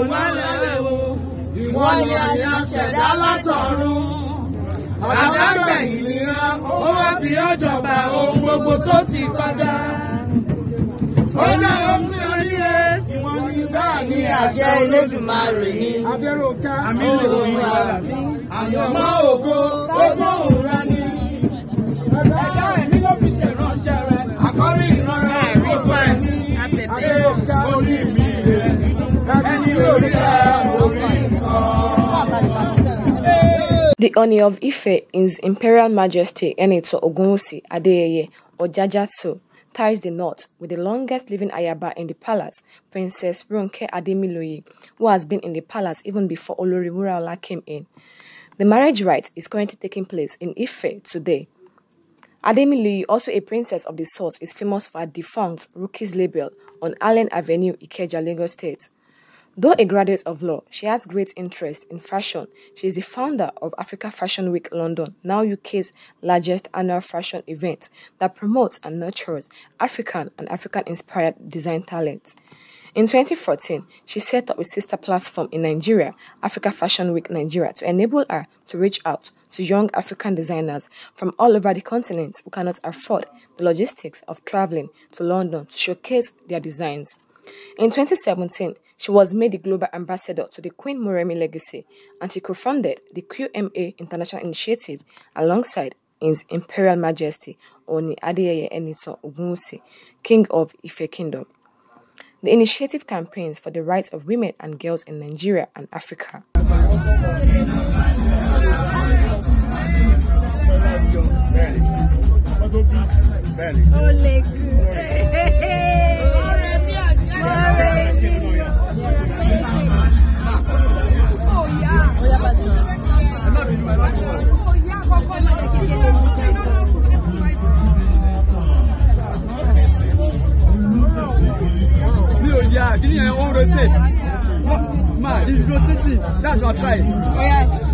ìmọ́lẹ̀ ewo ìmọ́lẹ̀ ni a ṣẹ̀dá látọ̀run. Àdágbẹ̀yìn nìran ó wá fi ọ̀jọ̀gbà ohun gbogbo tó ti padà. Ó dára fún oríire. Ìwọ̀n ni báà ni àṣẹ Olódùmarè ni. Abẹ́rò ká. Àmì lè wọ́n yára. Àyọ̀mọ́. The Oni of Ife, is Imperial Majesty Enito Ogunwusi Adeyeye Ojajatsu, ties the knot with the longest living Ayaba in the palace, Princess Ronke Ademiloye, who has been in the palace even before Oloriwuraola came in. The marriage rite is currently taking place in Ife today. Ademiloye, also a princess of the source, is famous for a defunct rookie's label on Allen Avenue, Ikeja, Lagos State. Though a graduate of law, she has great interest in fashion. She is the founder of Africa Fashion Week London, now UK's largest annual fashion event that promotes and nurtures African and African inspired design talent. In 2014, she set up a sister platform in Nigeria, Africa Fashion Week Nigeria, to enable her to reach out to young African designers from all over the continent who cannot afford the logistics of traveling to London to showcase their designs. In 2017, she was made the global ambassador to the Queen Moremi Legacy, and she co-founded the QMA International Initiative alongside His Imperial Majesty Oni Adeyeye Enito Ogunwusi, King of Ife Kingdom. The initiative campaigns for the rights of women and girls in Nigeria and Africa. kí ni ẹ̀ rotate. Ma, he's rotating. That's what I tried. Yes.